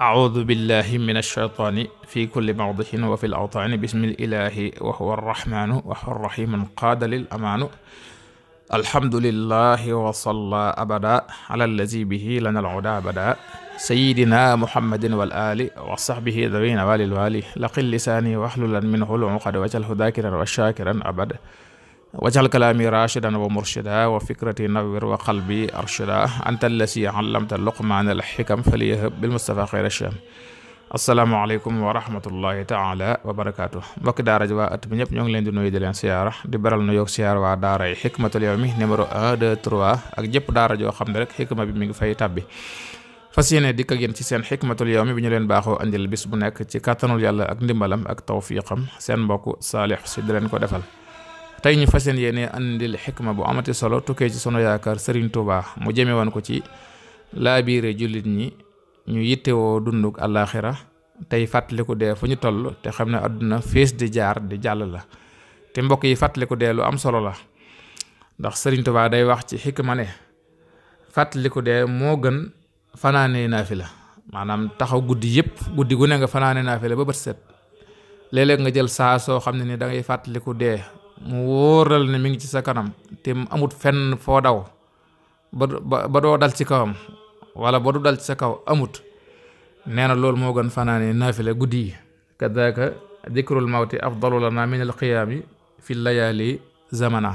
acuudu billahi min alshaytaani fi kulli mawdihin wa fi l awtaani bismi lilahi wa huwa arrahmaanu wa huwa arrahiimu qaada lil amaanu alhamdulillahi wa salla abada ala allazi bihi lana alhuda abada sayidina muhammadin wal aali wa sahbihi dawina walil waali laqil lisaani waxlulan minhu luqad wajal hudakiran wa shakiran abada wajal kalaami rashidan wa murshida wa fikrati nawwir wa qalbi arshida anta allasi allamta luqmaana alxikam faliyahab bil mustafa xayra sham asalaamaaleykum wa rahmatullahi taala wa barakaatu mbokki daara ji waa at bi ñëpp ñoo ngi leen di nuyu di leen siyaara di beral nu yoog siyaar waa daara yi xikmatul yawmi numéro 1 2 joo xam ne rek xikma bi mi ngi fay tàbbi fas yéene dikk ak yéen ci seen xikmatul yawmi bi ñu leen baaxoo andil bis bu nekk ci kàttanul yàlla ak ndimbalam ak tawfiqam seen mbokk saalix si di leen ko defal tey ñu fas yéene andil xikma bu amati solo tukkee ci sunu yaakaar Serigne Touba mu jëme woon ko ci laabiire jullit ñi ñu yittewoo dunduk àllaaxira tey fàttaliku dee fu ñu toll te xam ne àdduna fees di jaar di jàll la te mbokk yi fàttaliku dee lu am solo la ndax sëriñ tubaa day wax ci xikma ne fàttaliku dee moo gën fanaanee fanaane la maanaam taxaw guddi yëpp guddi gu ne nga fanaanee fanaane naafila ba bët set léeg-léeg nga jël saa soo xam ne ni dangay ngay fàttaliku dee mu wóoral ne mi ngi ci sa kanam te amut fenn foo daw ba ba doo dal ci kawam wala ba du dal ci sa kaw amut nee na loolu moo gën fanaane naafila guddi yi kadaka dikrul mawti afdalu lana min alqiyaami fi layaali zamana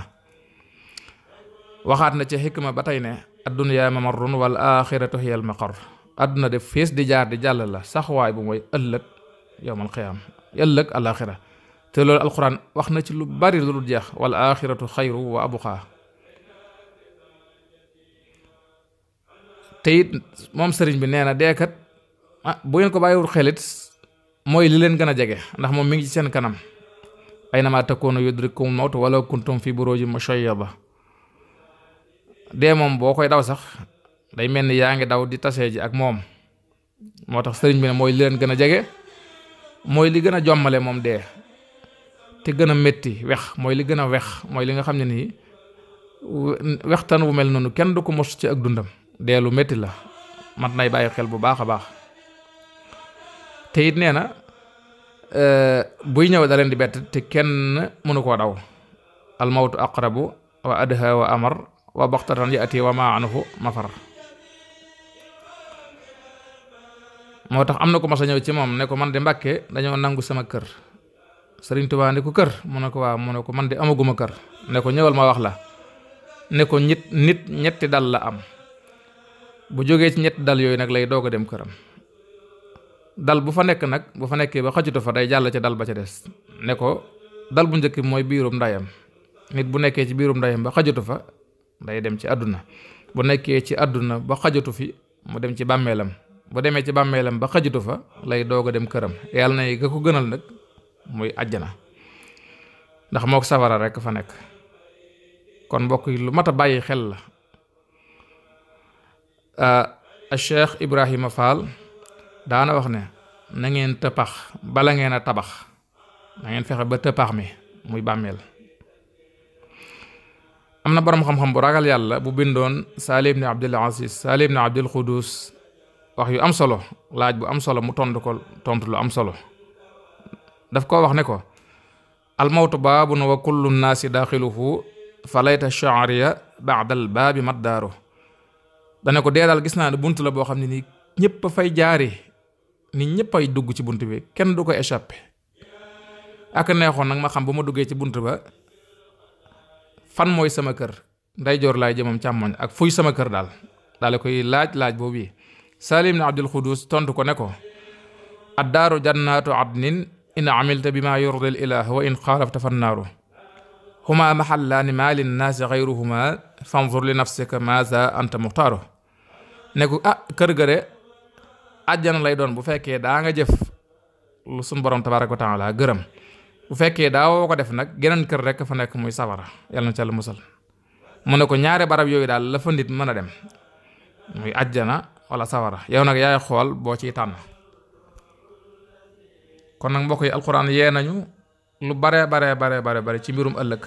waxaat na ci xikma ba tey ne adduniyaa mamarrun wal axiratu ma almaqar àdduna def fees di jaar di jàll la saxwaay bu mooy ëllëg yowmal qiyaam ëllëg alaxira te loolu alxuraan wax na ci lu bari lu dul jeex wal axiratu xayru wa abuqaa te it moom sëriñ bi nee na deekat ah bu ngeen ko bàyyiwul xelit mooy li leen gën a jege ndax moom mi ngi ci seen kanam aynama takoonu yudrikum mawt wala kuntum fi buruji mushayyaba dee moom boo koy daw sax day mel ni yaa ngi daw di tasee ji ak moom moo tax sëriñ bi ne mooy li leen gën a jege mooy li gën a jommale moom dee te gën a métti wex mooy li gën a wex mooy li nga xam ne nii wextaan wu mel noonu kenn du ko mos ci ak dundam dee metti la mat nay bàyyi xel bu baax a baax te it nee na e, buy ñëw daleen di bett te kenn mënu koo daw almawtu aqrabu wa adha wa amar wa baxtatan yaati wa ma anhu mafar moo tax am na ko mas a ñëw ci moom ne ko man de mbàkke dañoo nangu sama kër sëriñ tubaa ne ko kër mu ne ko waa mu ne ko man de amaguma kër ne ko ñëwal ma wax la ne ko nit nit ñetti dal la am bu jógee ci ñetti dal yooyu nag lay doog a dem këram dal bu fa nekk nag bu fa nekkee ba xajutu fa day jàll ca dal ba ca des ne ko dal bu njëkk mooy biirum ndayam nit bu nekkee ci biirum ndayam ba xajutu fa day dem ci àdduna bu nekkee ci àdduna ba xajatu fi mu dem ci bàmmeelam bu demee ci bàmmeelam ba xajatu fa lay doog a dem këram yàlla na ko gënal nag muy àjjana ndax mook ko safara rekk fa nekk kon mbokk yi lu mat a bàyyi xel la euh, a Cheikh Ibrahima Fall daana wax ne na ngeen tëppax bala ngeen a tabax na ngeen fexe ba tëppax mi muy bàmmeel am na boroom xam-xam bu ragal yàlla bu bindoon Salih ibn Abdul Aziz Salih ibn Abdul Xudus wax yu am solo laaj bu am solo mu tontu ko tontu lu am solo daf koo wax ne ko almawtu baabun wa kullu nnaasi daaxiluhu fa layta charia baadal baabi maddaaru dane ko dee daal gis naa ne bunt la boo xam ne ni ñëpp a fay jaari ni ñëpp ay dugg ci bunt bi kenn du ko échappé ak neexoon nag ma xam bu ma duggee ci bunt ba fan mooy sama kër ndeyjoor laay jëmam càmmoñ ak fuy sama kër daal daal koy laaj laaj boobu yi Salim na Abdul Xudus tontu ko ne ko addaaru jannaatu adnin in amilta bi maa yurdi l ilah wa in xaalafta fannaaru huma mahallaani maa linnaasi xayruhuma fanzur li nafsika maasa anta muxtaaru ne ko ah kër gëre àjjana lay doon bu fekkee daa nga jëf lu suñ borom tabaaraka wa taala gërëm bu fekkee daa woo ko def nag geneen kër rek fa nekk muy sawara yàlla na ca la musal mu ne ko ñaari barab yooyu daal la nit mën a dem muy àjjana wala safara yow nag yaay xool boo ciy tànn kon nag mbokk yi alquran yee nañu lu baree baree baree bare bare ci mbirum ëllëg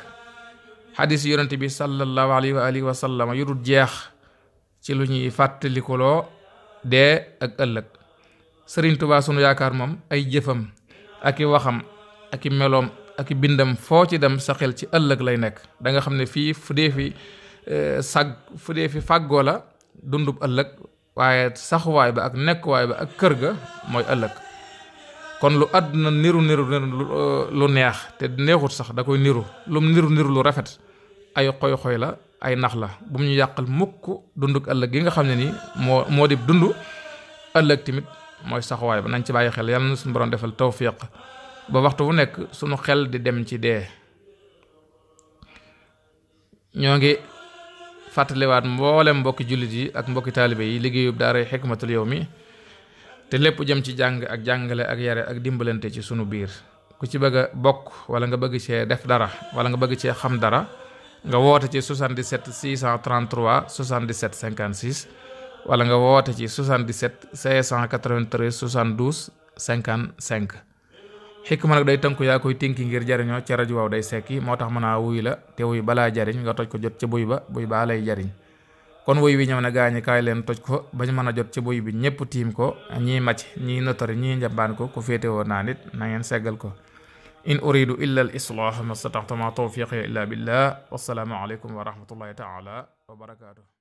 xadis yonente bi sallallahu alayhi wa alihi wa sallam yu dul jeex ci lu ñuy fàttalikuloo dee ak ëllëg sëriñ tubaa sunu yaakaar moom ay jëfam ak i waxam ak i meloom ak i bindam foo ci dem sa xel ci ëllëg lay nekk danga xam ne fii fu dee fi eh, sag fu dee fi fàggoo la dundub ëllëg waaye saxuwaay bi ak nekkuwaay bi ak kër ga mooy ëllëg kon lu àdduna niru niru euh, lu neex te neexut sax da koy niru lu niru niru lu rafet ay xoy-xoy la ay nax la bu mu ñu yàqal mukk dunduk ëllëg gi nga xam ne nii moo moo di dund ëllëg timit mooy saxuwaay ba nañ ci bàyyi xel yàlla na suñu borom defal tawfiq ba waxtu wu nekk suñu xel di dem ci dee ñoo ngi fàttaliwaat mboolem mbokki jullit yi ak mbokki taalibe yi liggéeyub daaray Hikmatul mi te lépp jëm ci jàng ak jàngale ak yare ak dimbalante ci sunu biir ku ci bëgg bokk wala nga bëgg cee def dara wala nga bëgg cee xam dara nga woote ci 77 633 77 56 wala nga woote ci 77 693 72 55. ma nag day tënku yaa koy tinki ngir jariñoo ci rajo waaw day sekki moo tax mën a wuy la te wuy balaa jariñ nga toj ko jot ca buy ba buy baa lay jariñ kon woy wi ñëw na gaañi kaay leen toj ko bañ mën a jot ca woy bi ñëpp tiim ko ñii macc ñii notari ñii njambaan ko ku féetewoo naa nit nangeen seggal ko in uridu illa al islah ma stataxtama tawfiqi illa billah wassalaamu aleykum wa rahmatullahi taala wa barakaatu